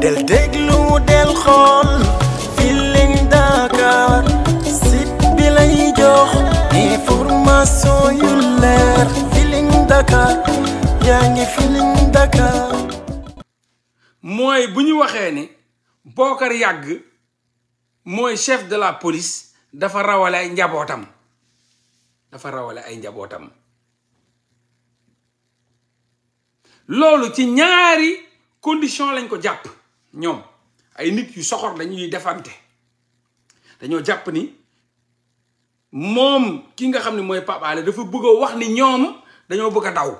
del déglu del xool Feeling Dakar site bi lay jox information yu leer Feeling Dakar yaa ngi Feeling Dakar mooy bu ñu waxee ni Bocar Yàgg mooy chef de la police dafa rawale ay njabootam dafa rawale ay njabootam loolu ci ñaari condition lañ ko jàpp ñoom ay nit yu soxor dañuy defante dañoo jàpp ni moom kii nga xam ne mooy Pape dafa bëgg wax ni ñoom dañoo bëgg a daw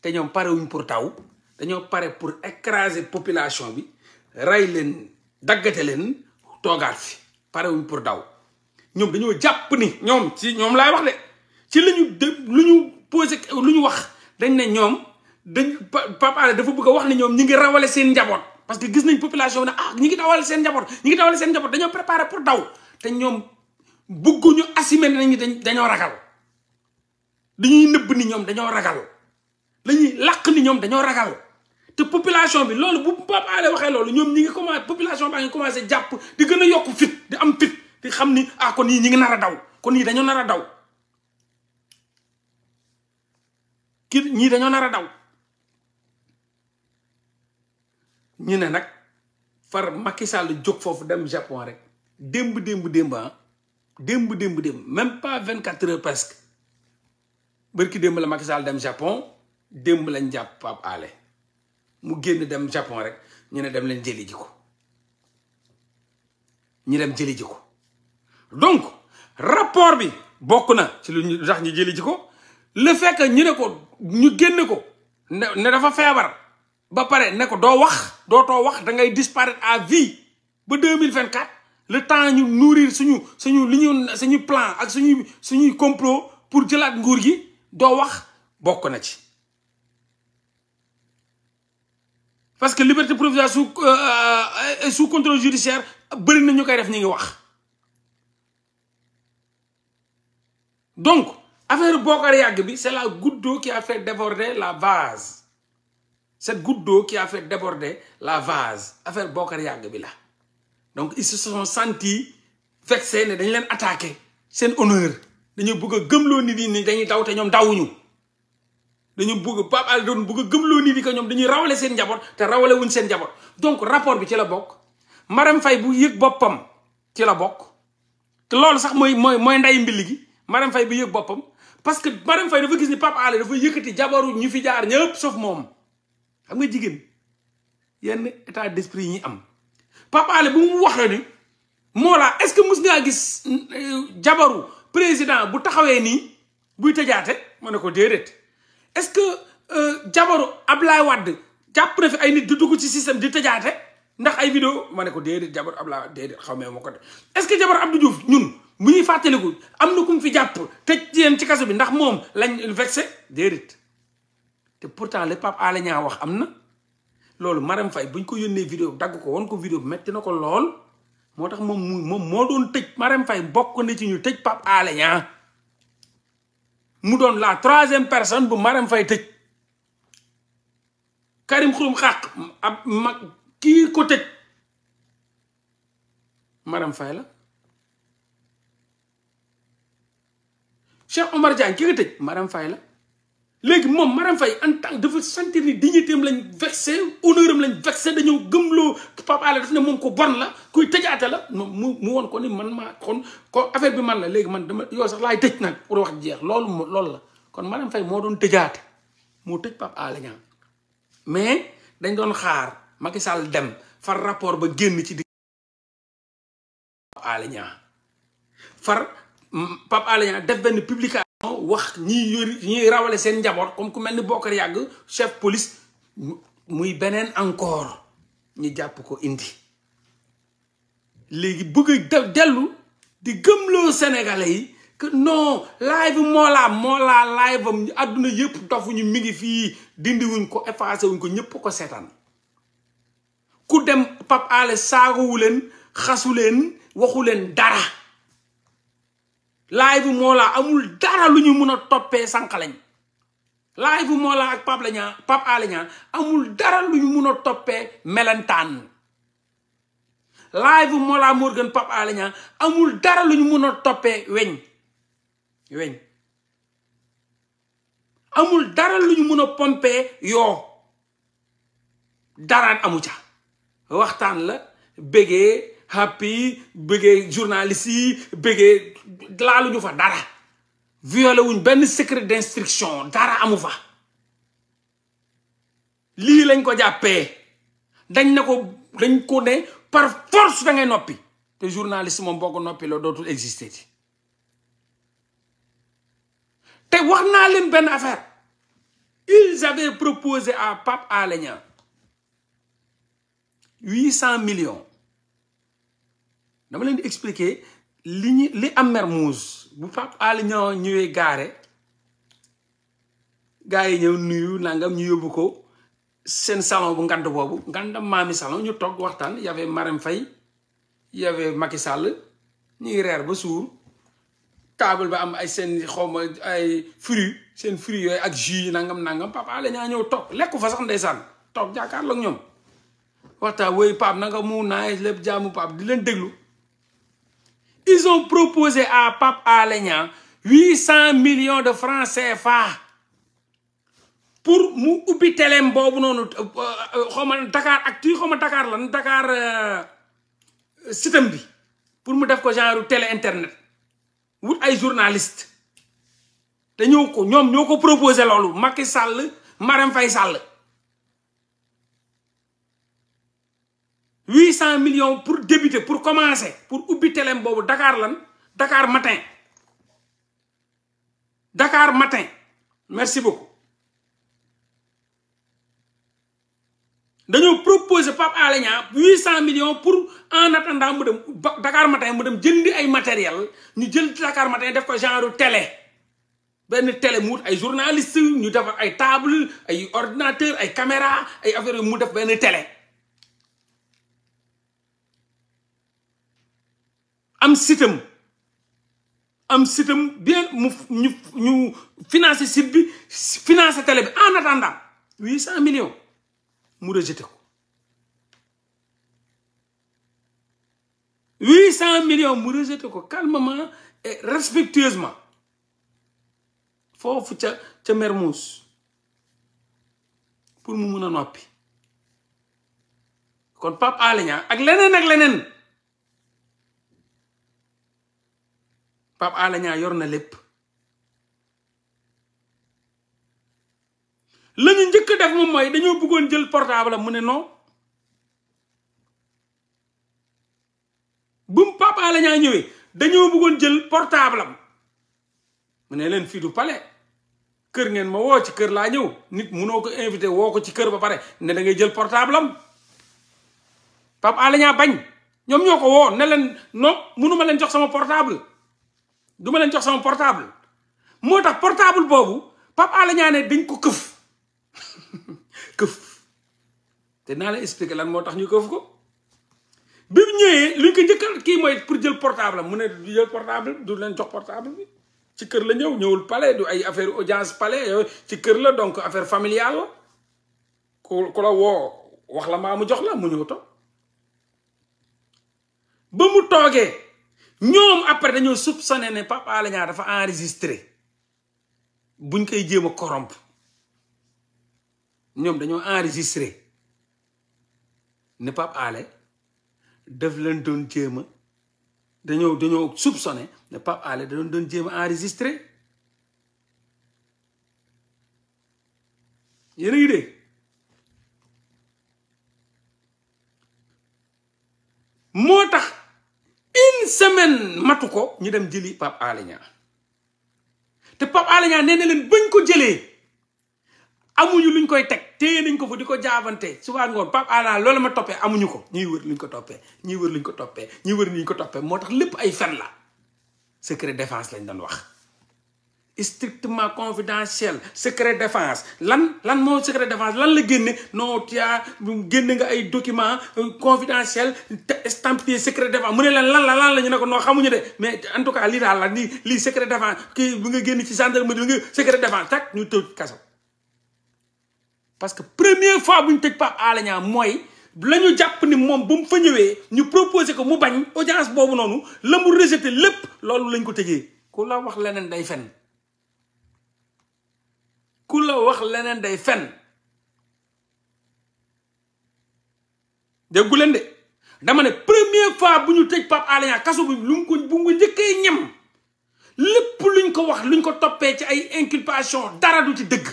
te ñoom parewuñ pour taw dañoo pare pour écraser population bi rey leen daggate leen toogaat fi parewuñ pour daw ñoom dañoo jàpp ni ñoom ci ñoom laay wax de ci li ñu de lu ñu posé lu ñu wax dañ ne ñoom dañ Pape Alé dafa bëgg wax ni ñoom ñi ngi rawale seen njaboot parce que gis nañ population bi ne ah ñi ngi dawal seen njaboot ñi ngi dawal seen njaboot dañoo préparé pour daw te ñoom bëgguñu assumer nañu dañoo ragal dañuy nëbb ni ñoom dañoo ragal lañuy làq ni ñoom dañoo ragal te population bi loolu bu Pape Alé waxee loolu ñoom ñi ngi commencé population baa ngi commencé jàpp di gën a yokk fit di am fit di xam ni ah kon yii ñi ngi nar a daw kon yii dañoo nar a daw kii ñii dañoo nar a daw ñu ne nag far Macky Sall jóg foofu dem Japon rek démb démb démb ah démb démb démb même pas vingt quatre heures presque bërki démb la Macky Sall dem Japon démb lañ jàpp ab Alé mu génn dem Japon rek ñu ne dem leen jëli ko ñu dem jëli ko donc rapport bi bokk na ci lu ñu tax ñu jëli ji ko le fait ñu ne ko ñu génn ko ne dafa feebar ba pare ne ko doo wax doo too wax da ngay disparaître à vie ba deux mille vingt quatre le temps ñu nourrir suñu suñu li ñu suñu plan ak suñuy suñuy complot pour jëlaat nguur gi doo wax bokk na ci. parce que liberté provisoire sous euh, sous contrôle judiciaire bëri na ñu koy def ñu ngi wax donc affaire Bokar Yàgg bi c'est la goutte ki affaire a fait la vase. cette goutte d'eau qui a fait déborder la vase affaire Bokar Yàgg bi la donc ils se sont sentis vexés ne dañ leen attaqué seen honneur dañu bugg a gëmloo nit ñi nii dañuy daw te ñoom dawuñu dañu bugg Pape Alé doon bëgg a gëmloo nit ñi que ñoom dañuy rawale seen njaboot te rawale wuñ seen njaboot donc rapport bi ci la bokk Marème fay bu yëg boppam ci la bokk te loolu sax mooy mooy mooy nday mbilli gi Marème fay bu yëg boppam parce que Marème Faye dafa gis ni Pape Alé dafa yëkkati jabaru ñu fi jaar ñëpp moom xam nga jigéen yenn état d'esprit yi ñuy am Pape Alé bu mu waxee ni moo laa est-ce que mus ngaa gis euh, jabaru président bu taxawee nii buy tëjaate ma ne ko déedéet est-ce que euh, jabaru Ablaye Wade jàpp na fi ay nit di dugg ci système di tëjaate ndax ay vidéo ma ne ko déedéet jabaru Ablaye Wade déedéet xaw ma ko de est-ce que jabaru Abdou Diouf ñun bu ñuy fàttaliku am na ku mu fi jàpp te yéen ci kaso bi ndax moom lañ vexé déedéet te pourtant le Pape Alé Niang wax am na loolu Marème Faye buñ ko yónnee vidéo dagg ko won ko vidéo bi metti na ko lool moo tax moom mu moom moo doon tëj Marème Faye bokk na ci ñu tëj Pape Alé Niang mu doon la troisième personne bu Marème Faye tëj Karim Xurum Xaq ab mag kii ko tëj Marème Faye la Cheikh Omar Diagne ki ko tëj Marème Faye la léegi moom Marème Faye fay tant dafa sentir ni dignité am lañ vexé honneur am lañ vexé dañoo gëmloo Pape Alé daf ne moom ko bon la kuy tëjaate la mu mu woon ko ni man maa kon ko affaire bi man la léegi man dama yow sax laay tëj nag pour wax jeex loolu loolu la kon Marème fay moo doon tëjaate moo tëj Pape Alé mais dañ doon xaar Macky sal dem far rapport ba génn ci di def benn publication wax ñiy yori rawale seen njaboot comme ku mel ni Bokar Yàgg chef police muy beneen encore ñu jàpp ko indi léegi bëgg dellu di gëmloo sénégalais yi que non live moo laa moo live am àdduna yëpp dofuñu mi ngi fii dindiwuñ ko effacé wuñ ko ñëpp ko seetaan ku dem Pape Alé saagawu leen xasu waxu leen dara live bu Mollah amul dara lu ñu mën a toppee Sankhaleñ live bu Mollah ak Pape Alé Pape Alé amul dara lu ñu mën a toppee melentaan live bu Mollah Morgun Pape Alé amul dara lu ñu mën a toppee weñ weñ amul dara lu ñu mën a pompee yoo daraan amu ca waxtaan la bégee happy bëggee journaliste yi bëggee laaluñu fa dara violé wuñ benn secret d'instruction dara amu fa lii lañ ko jàppee dañ na ko dañ ko ne par force da noppi te journaliste moom boo ko noppi la dootul exister ti te wax naa leen benn affaire ils avaient proposé à Pape Alé Niang huit cent million dama leen di expliquer li ñu li am Mermoz bu Pape Alé Niang ñëwee gaare gars yi ñëw nuyu nangam ñu yóbbu ko seen salon bu ngand boobu ngandam maami salon ñu togg waxtaan y avait fay Faye makki sàll Macky Sall ñuy reer ba suur table ba am ay seen xawma ay fruits seen fruits yooyu ak jus yi nangam nangam Pape Alé Niang ñëw toog lekku fa sax ndeysaan toog jàkkaarloo ak ñoom waxtaan wooyu Pape nanga mu naay lépp jaamu Pape di leen déglu ils proposé à Pape Alé Niang huit cent millions de francs CFA pour mu ubbi teleem boobu noonu euh, euh, xaw ma Dakar Actu xaw ma Dakar lan Dakar euh, système bi pour mu def ko genre télé internet wut ay journaliste te ñoo ko ñoom ñoo ko proposé loolu Macky Sall Marème fay Sall huit cent millions pour débuter pour commencer pour ubbi teleem boobu dakaar lan dakaar matin dakaar matin merci beaucoup dañoo proposé Pape Alé Niang huit cent millions pour en attendant mu dem Dakar matin mu dem jëndi ay matériel ñu jël Dakar matin def ko genre télé benn télé mu wut ay journaliste ñu defar ay table ay ordinateur ay caméra ay affaire mu def benn télé am sitam am sitam bien mu ñu ñu financé site bi financé télé bi en attendant huit cent millions mu rejeté ko huit cent millions mu rejeté ko calmement et respectueusement foofu ca ca Mermoz pour mu mun a noppi kon Pape Alé Niang ak leneen ak leneen Pape Alé Niang yor na lépp lañu ñu njëkk def moom mooy dañoo bëggoon jël portable mu ne non bu mu Pape Alé dañoo bëggoon jël portable mu ne leen fii du palais kër ngeen ma woo ci kër laa ñëw nit munoo ko invité woo ko ci kër ba pare ne da jël portable am Pape Alé bañ ñoom ñoo ko woo ne leen non munu ma leen jox sama portable du ma leen jox sama portable moo tax portable boobu Pape Alé dañ ko këf këf te naa la expliquer lan moo tax ñu këf ko bi mu ñëwee luñ ko njëkkal kii mooy pour jël portable am mu ne du jël portable du leen jox portable bi ci kër la ñëw ñëwul palais du ay affaire audience palais yooyu ci kër la donc affaire familiale la ku ku la woo wax la maa mu jox la mu ñëw toog ba mu toogee ñoom après dañoo soupçonné ne Pape Alé Niang dafa enregistré buñ koy jéem a corrompre ñoom dañoo enregistré ne Pape Alé daf leen doon jéem dañoo dañoo soupçonné ne Pape Alé da doon doon jéem a enregistré moo tax une semaine matu ko ñu dem jëli Pape Alé te Pape Alé Niang nee na leen bañ ko jëlee amuñu luñ koy teg te nañ ko fa di ko jaabante suba ngoon Pape Alé Niang loolu ma toppee amuñu ko ñuy wër luñ ko toppee ñuy wër luñ ko toppee ñuy wër luñ ko toppee moo tax lépp ay fen la secret défense lañ doon wax strictement confidentiel secret défense lan lan moo secret defence lan la génne non tia génne nga ay document euh, confidentiel estampillé secret défense mu ne leen lan la lan la ñu ne ko noo xamuñu mais en tout cas lii daal la nii lii secret défense kii bi nga génn ci gendarmerie bi nga secret défense ñu tëj kaso parce que première fois bu ñu tëj Pape Alé Niang mooy la ñu jàpp ni moom ba mu fa ñëwee ñu proposé ko mu bañ boobu noonu la mu rejeté lépp loolu lañ ko tëjee ku la wax leneen day fen leneen day fen déggu leen de dama ne première fois bu ñu tëj par Alé Niang kaso bi lu mu ko bu ñem lépp luñ ko wax luñ ko toppee ci ay inculpation dara du ci dëgg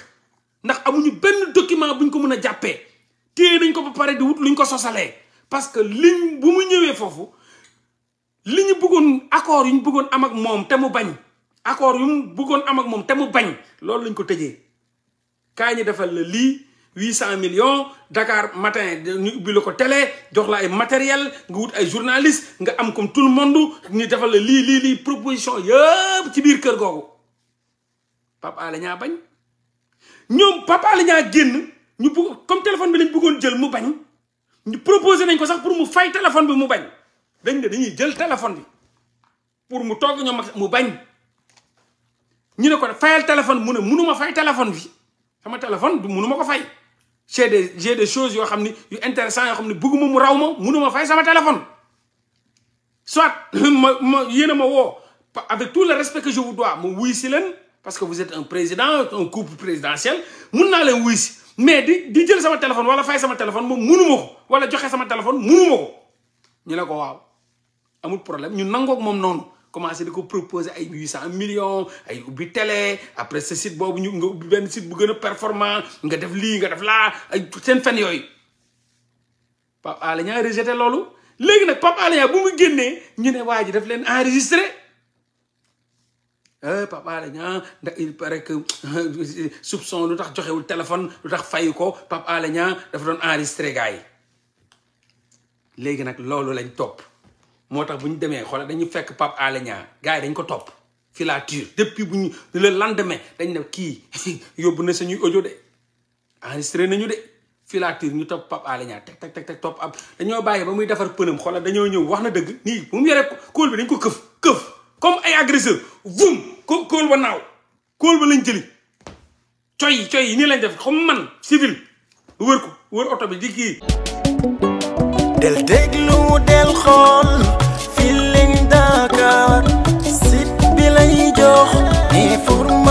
ndax amuñu benn document buñ ko mën a jàppee te nañ ko ba pare di wut luñ ko sosalee parce que liñ bu mu ñëwee foofu li ñu bëggoon accord yu ñu bëggoon am ak moom te mu bañ accord yu mu bëggoon am ak moom te mu bañ loolu lañ ko tëjee kaa ñu defal la lii huit cent millions Dakar matin ñu ubbi la ko télé jox la ay matériel nga wut ay journaliste nga am comme tout le monde ñu defal la lii lii lii proposition yëpp ci biir kër googu Pape Alé bañ ñoom Pape Alé Niang génn ñu bëgg comme téléphone bi lañ bëggoon jël mu bañ ñu proposé nañ ko sax pour mu fay téléphone bi mu bañ dañ ne dañuy jël téléphone bi pour mu togg ñoom mu bañ ñu ne ko fayal téléphone mu ne mënuma fay téléphone bi sama téléphone du munuma ko fay j'ai de j'ai des yoo xam ni yu intéressant yoo xam ni bëgguma mu raw ma munuma fay sama téléphone soit ma ma yéen a ma woo avec tout le respect que je vous dois ma wuy leen parce que vous êtes un président un couple présidentiel mun naa leen wuy si mais di di jël sama téléphone wala fay sama téléphone moom munuma ko wala joxe sama téléphone munuma ko ñu ne ko waaw amul problème ñu nangoog moom noonu commencé di ko proposer ay huit cent millions ay ubbi télé après sa site boobu ñu nga ubbi benn site bu gën a performant nga def lii nga def laa ay seen fen yooyu Pape Alé Niang rejeté loolu léegi nag Pape Alé Niang bu mu génnee ñu ne waa ji daf leen enregistré eh, Pape Alé Niang ndax il paraît que soupçon lu tax joxewul téléphone lu tax ko Pape Alé Niang dafa doon enregistré gars léegi nag loolu lañ topp moo tax bu ñu demee xoolal dañu fekk Pape Alé Niang gars yi dañ ko topp filature depuis bu ñu le lendemain dañ ne kii yóbbu na suñuy ojo de enregistré nañu de filature ñu topp Pape Alé Niang teg teg teg topp ab dañoo bàyyi ba muy defar pënam xoolal dañoo ñëw wax na dëgg nii bu mu yore kóol bi dañ ko këf këf comme ay agresseur vum ko kóol ba naaw kool ba lañ jëli coy yi coy yi nii lañ def comme man civil wër ko wër oto bi di kii del déglu del xool